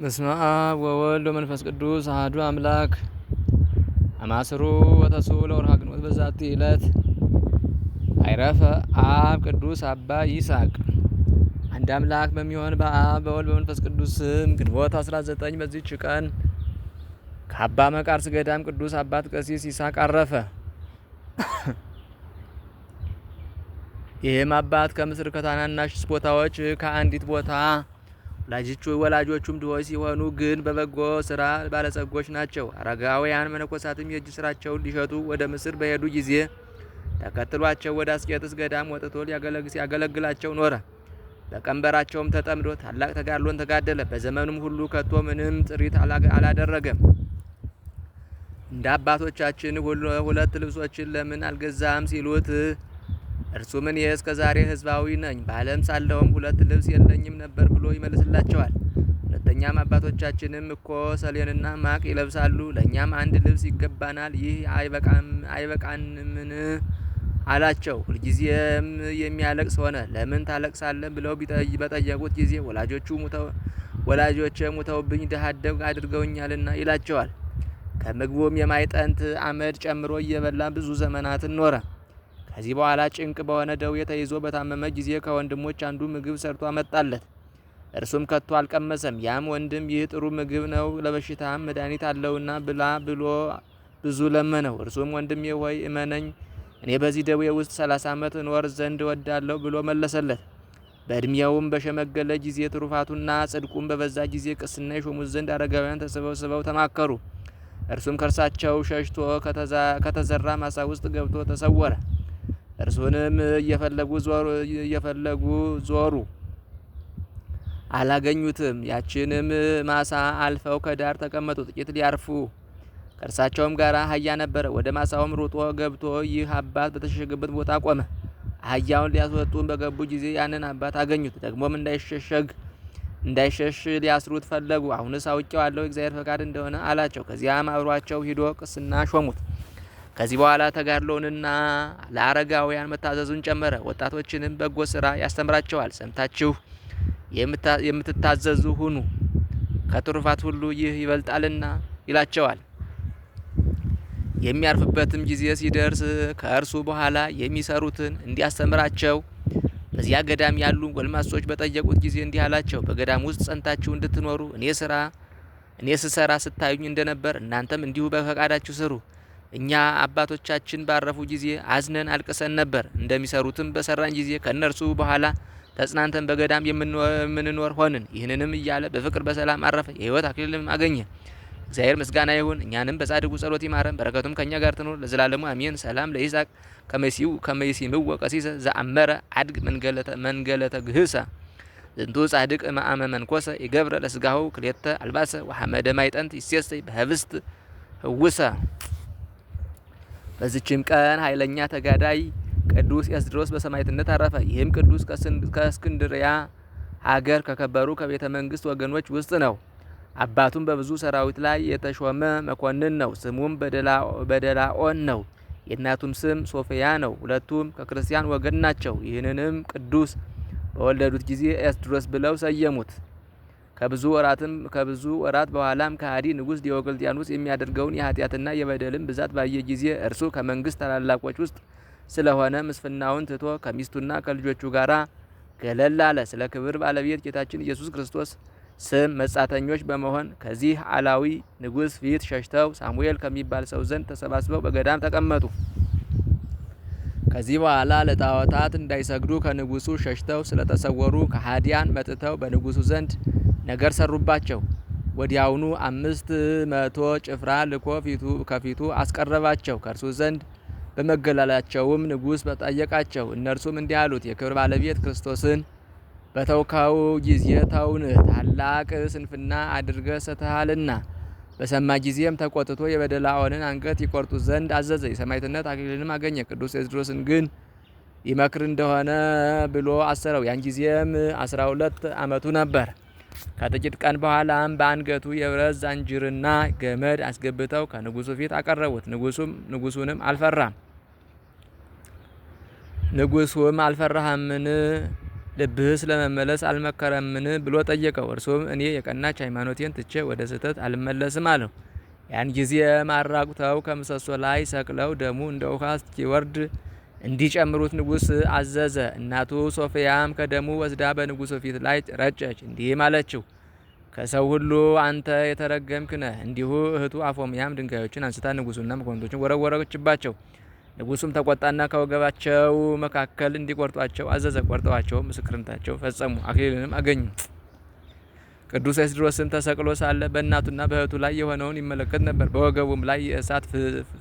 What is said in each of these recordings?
በስመ አብ ወወልድ ወመንፈስ ቅዱስ አህዱ አምላክ አማስሩ ወተስዑ ለወርኃ ግንቦት በዛቲ ዕለት አይረፈ አብ ቅዱስ አባ ይስሐቅ። አንድ አምላክ በሚሆን በአብ በወልድ በመንፈስ ቅዱስ ስም ግንቦት 19 በዚች ቀን ከአባ መቃርስ ገዳም ቅዱስ አባት ቀሲስ ይስሐቅ አረፈ። ይህም አባት ከምስር ከታናናሽ ቦታዎች ከአንዲት ቦታ ወላጆቹ ወላጆቹም ድሆች ሲሆኑ ግን በበጎ ስራ ባለጸጎች ናቸው። አረጋውያን መነኮሳትም የእጅ ስራቸውን ሊሸጡ ወደ ምስር በሄዱ ጊዜ ተከትሏቸው ወደ አስቄጥስ ገዳም ወጥቶ ሲያገለግላቸው ኖረ። በቀንበራቸውም ተጠምዶ ታላቅ ተጋድሎን ተጋደለ። በዘመኑም ሁሉ ከቶ ምንም ጥሪት አላደረገም። እንደ አባቶቻችን ሁለት ልብሶችን ለምን አልገዛም ሲሉት እርሱም እኔ እስከ ዛሬ ሕዝባዊ ነኝ በዓለም ሳለውም ሁለት ልብስ የለኝም ነበር ብሎ ይመልስላቸዋል። ሁለተኛም አባቶቻችንም እኮ ሰሌንና ማቅ ይለብሳሉ፣ ለእኛም አንድ ልብስ ይገባናል፣ ይህ አይበቃንምን አላቸው። ሁልጊዜም የሚያለቅስ ሆነ። ለምን ታለቅሳለን ብለው በጠየቁት ጊዜ ወላጆቹ ወላጆቼ ሙተውብኝ ድሀ አደግ አድርገውኛልና ይላቸዋል። ከምግቡም የማይጠንት አመድ ጨምሮ እየበላ ብዙ ዘመናትን ኖረ። ከዚህ በኋላ ጭንቅ በሆነ ደዌ ተይዞ በታመመ ጊዜ ከወንድሞች አንዱ ምግብ ሰርቶ አመጣለት። እርሱም ከቶ አልቀመሰም። ያም ወንድም ይህ ጥሩ ምግብ ነው፣ ለበሽታም መድኃኒት አለውና ብላ ብሎ ብዙ ለመነው። እርሱም ወንድሜ ሆይ እመነኝ፣ እኔ በዚህ ደዌ ውስጥ ሰላሳ ዓመት እኖር ዘንድ ወዳለሁ ብሎ መለሰለት። በእድሜውም በሸመገለ ጊዜ ትሩፋቱና ጽድቁም በበዛ ጊዜ ቅስና የሾሙት ዘንድ አረጋውያን ተሰበስበው ተማከሩ። እርሱም ከእርሳቸው ሸሽቶ ከተዘራ ማሳ ውስጥ ገብቶ ተሰወረ። እርሱንም እየፈለጉ ዞሩ እየፈለጉ ዞሩ አላገኙትም። ያችንም ማሳ አልፈው ከዳር ተቀመጡ። ጥቂት ሊያርፉ ከእርሳቸውም ጋር አህያ ነበረ። ወደ ማሳውም ሩጦ ገብቶ ይህ አባት በተሸሸገበት ቦታ ቆመ። አህያውን ሊያስወጡን በገቡ ጊዜ ያንን አባት አገኙት። ደግሞም እንዳይሸሸግ እንዳይሸሽ ሊያስሩት ፈለጉ። አሁንስ አውቄዋለሁ፣ እግዚአብሔር ፈቃድ እንደሆነ አላቸው። ከዚያም አብሯቸው ሂዶ ቅስና ሾሙት። ከዚህ በኋላ ተጋድሎንና ለአረጋውያን መታዘዙን ጨመረ። ወጣቶችንም በጎ ስራ ያስተምራቸዋል። ሰምታችሁ የምትታዘዙ ሁኑ፣ ከትሩፋት ሁሉ ይህ ይበልጣልና ይላቸዋል። የሚያርፍበትም ጊዜ ሲደርስ ከእርሱ በኋላ የሚሰሩትን እንዲያስተምራቸው በዚያ ገዳም ያሉ ጎልማሶች በጠየቁት ጊዜ እንዲህ አላቸው። በገዳም ውስጥ ጸንታችሁ እንድትኖሩ እኔ ስራ እኔ ስሰራ ስታዩኝ እንደነበር እናንተም እንዲሁ በፈቃዳችሁ ስሩ። እኛ አባቶቻችን ባረፉ ጊዜ አዝነን አልቅሰን ነበር። እንደሚሰሩትም በሰራን ጊዜ ከእነርሱ በኋላ ተጽናንተን በገዳም የምንኖር ሆንን። ይህንንም እያለ በፍቅር በሰላም አረፈ፣ የህይወት አክሊልም አገኘ። እግዚአብሔር ምስጋና ይሁን፣ እኛንም በጻድቁ ጸሎት ይማረን፣ በረከቱም ከእኛ ጋር ትኖር ለዘላለሙ አሜን። ሰላም ለይስሐቅ ከመሲው ምወ ቀሲሰ ዘአመረ አድግ መንገለተ ግህሳ ዝንቱ ጻድቅ ማአመ መንኮሰ ይገብረ ለስጋሁ ክሌተ አልባሰ ወሐመደ ማይጠንት ይሴሰይ በህብስት ህውሰ በዚችም ቀን ኃይለኛ ተጋዳይ ቅዱስ ኤስድሮስ በሰማዕትነት አረፈ። ይህም ቅዱስ ከእስክንድሪያ ሀገር ከከበሩ ከቤተ መንግስት ወገኖች ውስጥ ነው። አባቱም በብዙ ሰራዊት ላይ የተሾመ መኮንን ነው። ስሙም በደላኦን ነው። የእናቱም ስም ሶፊያ ነው። ሁለቱም ከክርስቲያን ወገን ናቸው። ይህንንም ቅዱስ በወለዱት ጊዜ ኤስድሮስ ብለው ሰየሙት። ከብዙ ወራትም ከብዙ ወራት በኋላም ከሃዲ ንጉስ ዲዮቅልጥያኖስ የሚያደርገውን የኃጢአትና የበደልን ብዛት ባየ ጊዜ እርሱ ከመንግስት ታላላቆች ውስጥ ስለሆነ ምስፍናውን ትቶ ከሚስቱና ከልጆቹ ጋር ገለል አለ። ስለ ክብር ባለቤት ጌታችን ኢየሱስ ክርስቶስ ስም መጻተኞች በመሆን ከዚህ አላዊ ንጉስ ፊት ሸሽተው ሳሙኤል ከሚባል ሰው ዘንድ ተሰባስበው በገዳም ተቀመጡ። ከዚህ በኋላ ለጣዖታት እንዳይሰግዱ ከንጉሱ ሸሽተው ስለተሰወሩ ከሃዲያን መጥተው በንጉሱ ዘንድ ነገር ሰሩባቸው። ወዲያውኑ አምስት መቶ ጭፍራ ልኮ ፊቱ ከፊቱ አስቀረባቸው ከእርሱ ዘንድ በመገለላቸውም ንጉሥ በጠየቃቸው። እነርሱም እንዲህ አሉት፣ የክብር ባለቤት ክርስቶስን በተውካው ጊዜ ተውንህ፣ ታላቅ ስንፍና አድርገ ሰተሃልና። በሰማ ጊዜም ተቆጥቶ የበደላዖንን አንገት ይቆርጡ ዘንድ አዘዘ። የሰማዕትነት አክሊልንም አገኘ። ቅዱስ ኤስድሮስን ግን ይመክር እንደሆነ ብሎ አሰረው። ያን ጊዜም አስራ ሁለት ዓመቱ ነበር። ከጥቂት ቀን በኋላም በአንገቱ የብረት ዛንጅርና ገመድ አስገብተው ከንጉሱ ፊት አቀረቡት። ንጉሱም ንጉሱንም አልፈራም ንጉሱም አልፈራህምን? ልብህስ ለመመለስ አልመከረምን? ብሎ ጠየቀው። እርሱም እኔ የቀናች ሃይማኖቴን ትቼ ወደ ስህተት አልመለስም አለው። ያን ጊዜም ማራቁተው ከምሰሶ ላይ ሰቅለው ደሙ እንደ ውሃ እስኪወርድ እንዲጨምሩት ንጉሥ አዘዘ። እናቱ ሶፊያም ከደሙ ወስዳ በንጉሱ ፊት ላይ ረጨች፣ እንዲህም አለችው ከሰው ሁሉ አንተ የተረገምክ ነህ። እንዲሁ እህቱ አፎምያም ድንጋዮችን አንስታ ንጉሱና መኮንቶችን ወረወረችባቸው። ንጉሱም ተቆጣና ከወገባቸው መካከል እንዲቆርጧቸው አዘዘ። ቆርጠዋቸው ምስክርነታቸው ፈጸሙ። አክሊልንም አገኙ። ቅዱስ ኤስድሮስም ተሰቅሎ ሳለ በእናቱና በእህቱ ላይ የሆነውን ይመለከት ነበር። በወገቡም ላይ የእሳት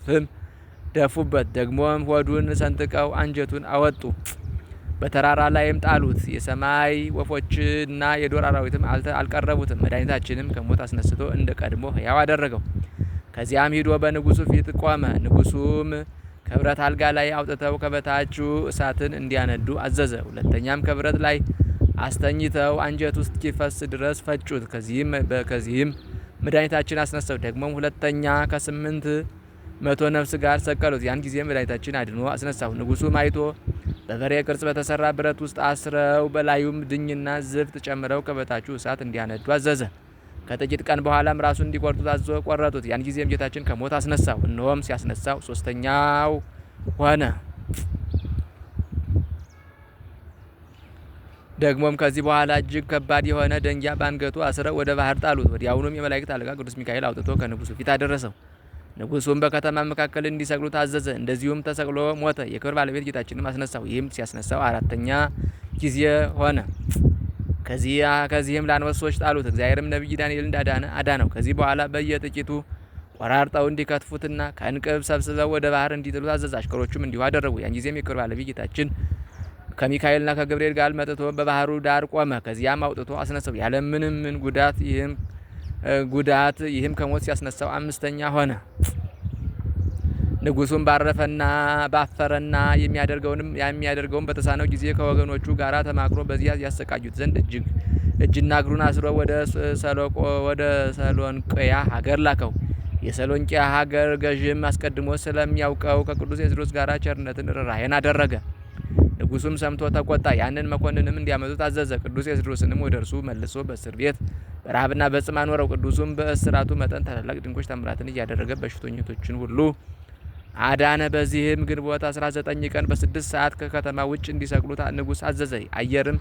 ፍም ደፉበት። ደግሞም ሆዱን ሰንጥቀው አንጀቱን አወጡ፣ በተራራ ላይም ጣሉት። የሰማይ ወፎችና የዱር አራዊትም አልቀረቡትም። መድኃኒታችንም ከሞት አስነስቶ እንደ ቀድሞ ሕያው አደረገው። ከዚያም ሂዶ በንጉሱ ፊት ቆመ። ንጉሱም ከብረት አልጋ ላይ አውጥተው ከበታቹ እሳትን እንዲያነዱ አዘዘ። ሁለተኛም ከብረት ላይ አስተኝተው አንጀት ውስጥ ኪፈስ ድረስ ፈጩት። ከዚህም መድኃኒታችን አስነሰው። ደግሞም ሁለተኛ ከስምንት መቶ ነፍስ ጋር ሰቀሉት። ያን ጊዜ መድኃኒታችን አድኖ አስነሳው። ንጉሱም አይቶ በበሬ ቅርጽ በተሰራ ብረት ውስጥ አስረው በላዩም ድኝና ዝፍት ጨምረው ከበታችሁ እሳት እንዲያነዱ አዘዘ። ከጥቂት ቀን በኋላም ራሱን እንዲቆርጡት አዞ ቆረጡት። ያን ጊዜም ጌታችን ከሞት አስነሳው። እነሆም ሲያስነሳው ሶስተኛው ሆነ። ደግሞም ከዚህ በኋላ እጅግ ከባድ የሆነ ደንጊያ በአንገቱ አስረው ወደ ባህር ጣሉት። ወዲያውኑም የመላእክት አለቃ ቅዱስ ሚካኤል አውጥቶ ከንጉሱ ፊት አደረሰው። ንጉሱም በከተማ መካከል እንዲሰቅሉ ታዘዘ። እንደዚሁም ተሰቅሎ ሞተ። የክብር ባለቤት ጌታችንም አስነሳው። ይህም ሲያስነሳው አራተኛ ጊዜ ሆነ። ከዚህም ለአንበሶች ጣሉት። እግዚአብሔርም ነቢይ ዳንኤል እንዳዳነ አዳነው። ከዚህ በኋላ በየጥቂቱ ቆራርጠው እንዲከትፉትና ከእንቅብ ሰብስበው ወደ ባህር እንዲጥሉ አዘዘ። አሽከሮቹም እንዲሁ አደረጉ። ያን ጊዜም የክብር ባለቤት ጌታችን ከሚካኤልና ከገብርኤል ጋር መጥቶ በባህሩ ዳር ቆመ። ከዚያም አውጥቶ አስነሳው ያለምንም ምን ጉዳት ይህም ጉዳት፣ ይህም ከሞት ሲያስነሳው አምስተኛ ሆነ። ንጉሱም ባረፈና ባፈረና የሚያደርገውንም የሚያደርገውን በተሳነው ጊዜ ከወገኖቹ ጋር ተማክሮ በዚያ ያሰቃዩት ዘንድ እጅግ እጅና እግሩን አስሮ ወደ ሰሎቆ ወደ ሰሎንቅያ ሀገር ላከው። የሰሎንቅያ ሀገር ገዥም አስቀድሞ ስለሚያውቀው ከቅዱስ ኤስድሮስ ጋር ቸርነትን ርኅራኄን አደረገ። ንጉሱም ሰምቶ ተቆጣ። ያንን መኮንንም እንዲያመጡት አዘዘ። ቅዱስ ኤስድሮስንም ወደ እርሱ መልሶ በእስር ቤት በረሃብና በጽም አኖረው። ቅዱሱም በእስራቱ መጠን ታላላቅ ድንቆች ተምራትን እያደረገ በሽተኞችን ሁሉ አዳነ። በዚህም ግንቦት 19 ቀን በስድስት ሰዓት ከከተማ ውጭ እንዲሰቅሉት ንጉሥ አዘዘ። አየርም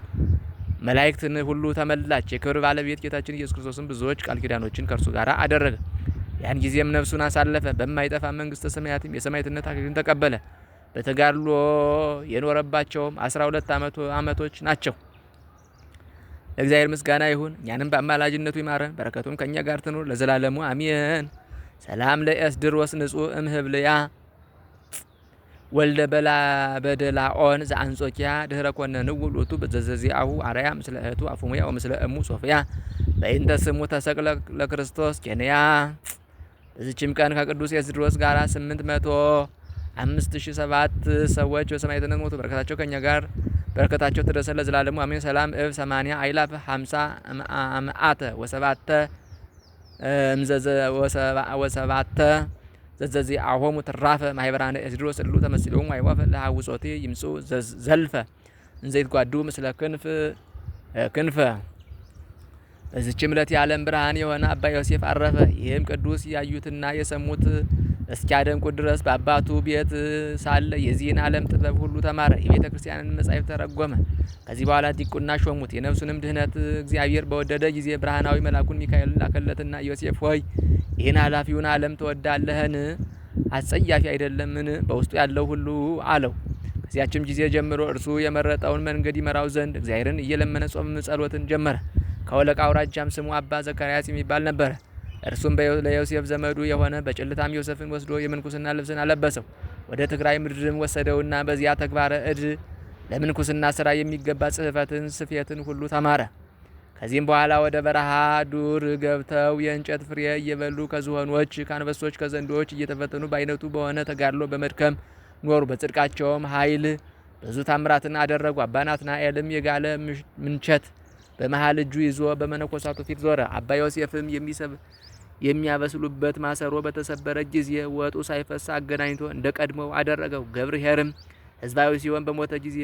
መላእክትን ሁሉ ተመላች። የክብር ባለቤት ጌታችን ኢየሱስ ክርስቶስን ብዙዎች ቃል ኪዳኖችን ከእርሱ ጋር አደረገ። ያን ጊዜም ነፍሱን አሳለፈ። በማይጠፋ መንግሥተ ሰማያትም የሰማዕትነት አክሊልን ተቀበለ። በተጋድሎ የኖረባቸውም አስራ ሁለት ዓመቶች ናቸው። ለእግዚአብሔር ምስጋና ይሁን። እኛንም በአማላጅነቱ ይማረን፣ በረከቱም ከእኛ ጋር ትኑር ለዘላለሙ አሜን። ሰላም ለኤስድሮስ ንጹሕ እምህብልያ ወልደ በላ በደላኦን ዘአንጾኪያ ድህረ ኮነ ንውሉቱ በዘዘዚአሁ አርያ ምስለ እህቱ አፉሙያ ወምስለ እሙ ሶፍያ በእንተ ስሙ ተሰቅለ ለክርስቶስ ኬንያ። በዚችም ቀን ከቅዱስ ኤስድሮስ ጋር ስምንት መቶ አምስት ሺ ሰባት ሰዎች በሰማዕትነት ሞቱ። በረከታቸው ከእኛ ጋር በረከታቸው ትደረሰ ለዘላለሙ አሜን። ሰላም እብ ሰማንያ አይላፍ ሀምሳ አምአተ ወሰባተ እምዘዘ ወሰባተ ዘዘዚ አሆሙ ትራፈ ማህበራነ ኤስድሮስ ስሉ ተመስሎም አይዋፈ ለሐውጾቴ ይምጹ ዘልፈ እንዘይት ጓዱ ምስለ ክንፍ ክንፈ እዚችም ዕለት የዓለም ብርሃን የሆነ አባ ዮሴፍ አረፈ። ይህም ቅዱስ ያዩትና የሰሙት እስኪያደንቁ ድረስ በአባቱ ቤት ሳለ የዚህን ዓለም ጥበብ ሁሉ ተማረ። የቤተ ክርስቲያንን መጻሕፍት ተረጎመ። ከዚህ በኋላ ዲቁና ሾሙት። የነፍሱንም ድህነት እግዚአብሔር በወደደ ጊዜ ብርሃናዊ መልአኩን ሚካኤል ላከለትና ዮሴፍ ሆይ ይህን ኃላፊውን ዓለም ትወዳለህን? አጸያፊ አይደለምን? በውስጡ ያለው ሁሉ አለው። ከዚያችም ጊዜ ጀምሮ እርሱ የመረጠውን መንገድ ይመራው ዘንድ እግዚአብሔርን እየለመነ ጾምም ጸሎትን ጀመረ። ከወለቃ አውራጃም ስሙ አባ ዘካርያስ የሚባል ነበረ። እርሱም ለዮሴፍ ዘመዱ የሆነ በጭልታም ዮሴፍን ወስዶ የምንኩስና ልብስን አለበሰው። ወደ ትግራይ ምድርም ወሰደውና በዚያ ተግባረ እድ ለምንኩስና ስራ የሚገባ ጽሕፈትን፣ ስፌትን ሁሉ ተማረ። ከዚህም በኋላ ወደ በረሃ ዱር ገብተው የእንጨት ፍሬ እየበሉ ከዝሆኖች፣ ከአንበሶች፣ ከዘንዶች እየተፈተኑ በአይነቱ በሆነ ተጋድሎ በመድከም ኖሩ። በጽድቃቸውም ኃይል ብዙ ታምራትን አደረጉ። አባ ናትናኤልም የጋለ ምንቸት በመሃል እጁ ይዞ በመነኮሳቱ ፊት ዞረ። አባ ዮሴፍም የሚያበስሉበት ማሰሮ በተሰበረ ጊዜ ወጡ ሳይፈሳ አገናኝቶ እንደ ቀድሞው አደረገው። ገብር ህዝባዊ ሲሆን በሞተ ጊዜ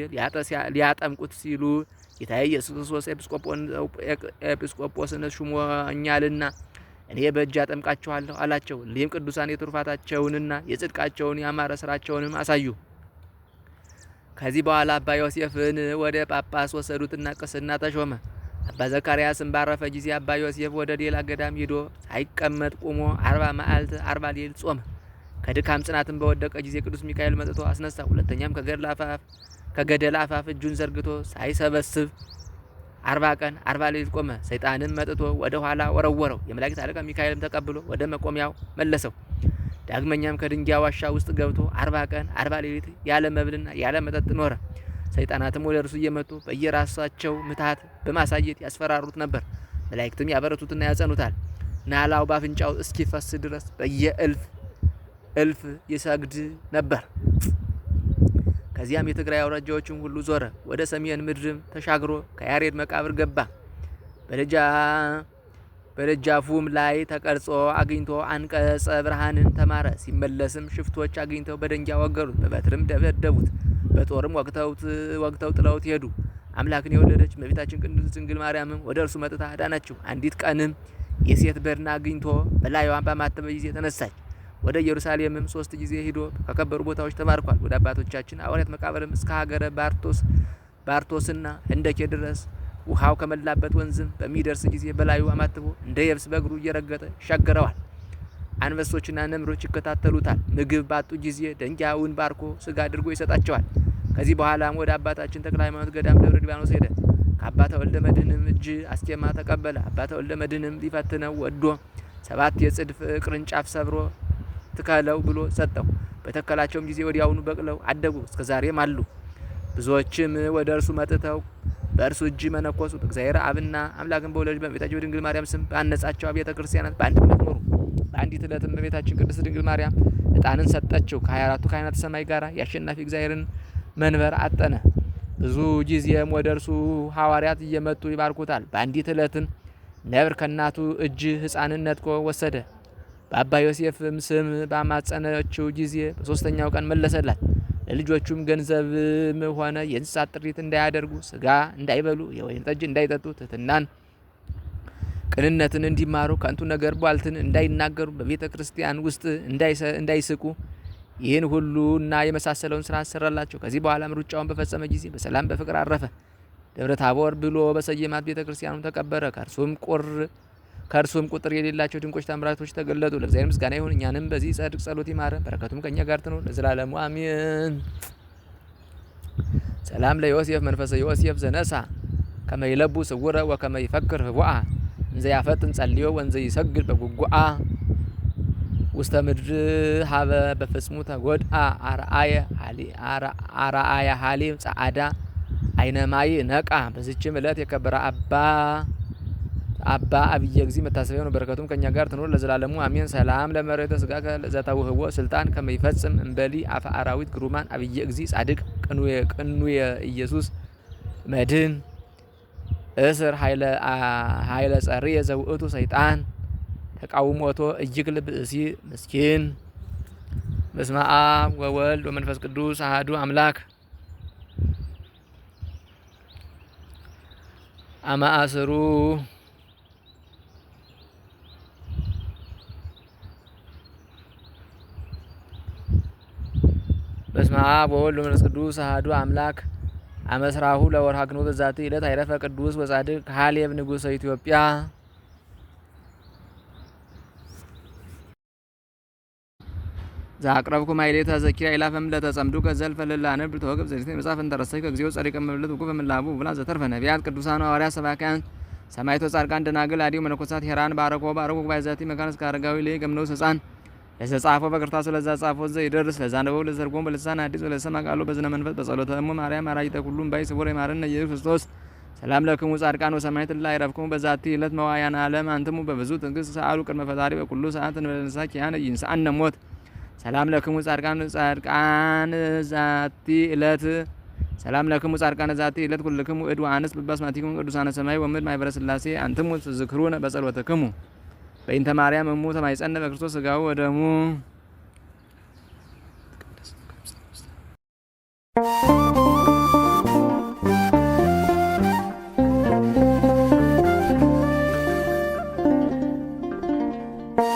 ሊያጠምቁት ሲሉ ጌታ ኢየሱስ ክርስቶስ ኤጲስቆጶስን ሹሞኛልና እኔ በእጅ አጠምቃችኋለሁ አላቸው። እሊህም ቅዱሳን የትሩፋታቸውንና የጽድቃቸውን ያማረ ስራቸውንም አሳዩ። ከዚህ በኋላ አባ ዮሴፍን ወደ ጳጳስ ወሰዱትና ቅስና ተሾመ። አባ ዘካርያስም ባረፈ ጊዜ አባ ዮሴፍ ወደ ሌላ ገዳም ሂዶ ሳይቀመጥ ቁሞ አርባ መዓልት አርባ ሌሊት ጾመ። ከድካም ጽናትን በወደቀ ጊዜ ቅዱስ ሚካኤል መጥቶ አስነሳ። ሁለተኛም ከገደል አፋፍ እጁን ዘርግቶ ሳይሰበስብ አርባ ቀን አርባ ሌሊት ቆመ። ሰይጣንም መጥቶ ወደ ኋላ ወረወረው። የመላእክት አለቃ ሚካኤልም ተቀብሎ ወደ መቆሚያው መለሰው። ዳግመኛም ከድንጋይ ዋሻ ውስጥ ገብቶ አርባ ቀን አርባ ሌሊት ያለ መብልና ያለ መጠጥ ኖረ። ሰይጣናትም ወደ እርሱ እየመጡ በየራሳቸው ምታት በማሳየት ያስፈራሩት ነበር። መላእክትም ያበረቱትና ያጸኑታል። ናላው ባፍንጫው እስኪፈስ ድረስ በየእልፍ እልፍ ይሰግድ ነበር። ከዚያም የትግራይ አውራጃዎችን ሁሉ ዞረ። ወደ ሰሜን ምድርም ተሻግሮ ከያሬድ መቃብር ገባ። በደጃ በደጃፉም ላይ ተቀርጾ አግኝቶ አንቀጸ ብርሃንን ተማረ። ሲመለስም ሽፍቶች አግኝተው በደንጊያ ወገሩት፣ በበትርም ደበደቡት፣ በጦርም ወግተው ጥለውት ሄዱ። አምላክን የወለደች እመቤታችን ቅድስት ድንግል ማርያምም ወደ እርሱ መጥታ አዳነችው። አንዲት ቀንም የሴት በድን አግኝቶ በላይዋን በማተበ ጊዜ ተነሳች። ወደ ኢየሩሳሌምም ሶስት ጊዜ ሂዶ ከከበሩ ቦታዎች ተማርኳል። ወደ አባቶቻችን ሐዋርያት መቃብርም እስከ ሀገረ ባርቶስ ባርቶስና እንደኬ ድረስ ውሃው ከመላበት ወንዝም በሚደርስ ጊዜ በላዩ አማትቦ እንደ የብስ በእግሩ እየረገጠ ይሻገረዋል። አንበሶችና ነምሮች ይከታተሉታል። ምግብ ባጡ ጊዜ ደንጊያውን ባርኮ ስጋ አድርጎ ይሰጣቸዋል። ከዚህ በኋላም ወደ አባታችን ተክለ ሃይማኖት ገዳም ደብረ ሊባኖስ ሄደ። ከአባተ ወልደ መድህንም እጅ አስኬማ ተቀበለ። አባተ ወልደ መድህንም ሊፈትነው ወዶ ሰባት የጽድፍ ቅርንጫፍ ሰብሮ ትከለው ብሎ ሰጠው። በተከላቸውም ጊዜ ወዲያውኑ በቅለው አደጉ፣ እስከዛሬም አሉ። ብዙዎችም ወደ እርሱ መጥተው በእርሱ እጅ መነኮሱ እግዚአብሔር አብና አምላክን በወለጅ በእመቤታችን በድንግል ማርያም ስም ባነጻቸው አብያተ ክርስቲያናት በአንድነት ኖሩ። በአንዲት ዕለትም እመቤታችን ቅድስት ድንግል ማርያም ዕጣንን ሰጠችው። ከ24ቱ ካህናተ ሰማይ ጋራ የአሸናፊ እግዚአብሔርን መንበር አጠነ። ብዙ ጊዜም ወደ እርሱ ሐዋርያት እየመጡ ይባርኩታል። በአንዲት ዕለትም ነብር ከእናቱ እጅ ሕፃንን ነጥቆ ወሰደ። በአባ ዮሴፍም ስም ባማጸነችው ጊዜ በሶስተኛው ቀን መለሰላት። ለልጆቹም ገንዘብም ሆነ የእንስሳት ጥሪት እንዳያደርጉ፣ ስጋ እንዳይበሉ፣ የወይን ጠጅ እንዳይጠጡ፣ ትህትናን፣ ቅንነትን እንዲማሩ፣ ከንቱ ነገር ቧልትን እንዳይናገሩ፣ በቤተ ክርስቲያን ውስጥ እንዳይስቁ ይህን ሁሉ እና የመሳሰለውን ስራ አሰራላቸው። ከዚህ በኋላም ሩጫውን በፈጸመ ጊዜ በሰላም በፍቅር አረፈ። ደብረ ታቦር ብሎ በሰየማት ቤተ ክርስቲያኑ ተቀበረ። ከእርሱም ቁር ከእርሱም ቁጥር የሌላቸው ድንቆች ተምራቶች ተገለጡ። ለእግዚአብሔር ምስጋና ይሁን፣ እኛንም በዚህ ጻድቅ ጸሎት ይማረን፣ በረከቱም ከእኛ ጋር ትኑር ለዘላለሙ አሜን። ሰላም ለዮሴፍ መንፈሰ ዮሴፍ ዘነሳ ከመይለቡ ስውረ ወከመ ይፈክር ህቡአ እንዘ ያፈጥን ጸልዮ ወንዘ ይሰግድ በጉጉአ ውስተ ምድር ሀበ በፍጽሙ ተጎድአ አርአየ ሀሊብ ጸአዳ አይነማይ ነቃ። በዚችም ዕለት የከበረ አባ አባ አብየ እግዚእ መታሰቢያ ነው። በረከቱም ከእኛ ጋር ትኖር ለዘላለሙ አሜን። ሰላም ለመሬተ ስጋ ዘተውህቦ ስልጣን ከመይፈጽም እንበሊ አፈ አራዊት ግሩማን አብየ እግዚእ ጻድቅ ቅኑየ ኢየሱስ መድን እስር ኃይለ ጸሪ የዘውእቱ ሰይጣን ተቃውሞቶ እጅግ ልብእሲ ምስኪን። በስመ አብ ወወልድ ወመንፈስ ቅዱስ አህዱ አምላክ አማአስሩ አብ ወወልድ ወመንፈስ ቅዱስ አሐዱ አምላክ አመስራሁ ለወርሃ ግንቦት በዛቲ ዕለት አይረፈ ቅዱስ ወጻድቅ ሀሌብ ንጉሠ ኢትዮጵያ። ዛቅረብኩ ማይሌታ ዘኪራ ኢላፈም ለተጸምዱ ከዘልፈ ነብር ተወግብ ዘሪት መጻፍ እንተረሰይ ከግዚኦ ጸሪቀ መብለት ወቁ በመላቡ ብላ ዘተርፈ ነቢያት ቅዱሳን ሐዋርያት ሰባክያን ሰማይቶ ጻድቃን ደናግል አዲው መነኮሳት ሄራን ባረኮ ባረኮ ባይዛቲ መካነ ስካርጋዊ ለይ ገምነው ሰጻን ለተጻፈው በክርታሱ ለዛ ጻፈው ዘ ይደርስ ለዛ ነበው በልሳን አዲስ ለሰማ ቃሉ በዝነ መንፈስ በጸሎተ እሙ ማርያም አራጅተ ሁሉም ባይ ስቡረ ማረነ ኢየሱስ ክርስቶስ ሰላም ለክሙ ጻድቃን ወሰማዕት ላ ረፍክሙ በዛቲ ዕለት መዋያን ዓለም አንትሙ በብዙ ትዕግስት ሰአሉ ቅድመ ፈጣሪ በኩሉ ሰዓት እንበለንሳ ኪያነ ይንሳአነ ሞት ሰላም ለክሙ ጻድቃን ጻድቃን ዛቲ ዕለት ሰላም ለክሙ ጻድቃን ዛቲ ዕለት ኩልክሙ እድ ወአንስ በባስማቲኩም ቅዱሳነ ሰማይ ወምድር ማኅበረ ሥላሴ አንትሙ ትዝክሩነ በጸሎተክሙ በእንተ ማርያም እሙ ተማይጸነ በክርስቶስ ስጋው ወደሙ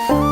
Thank you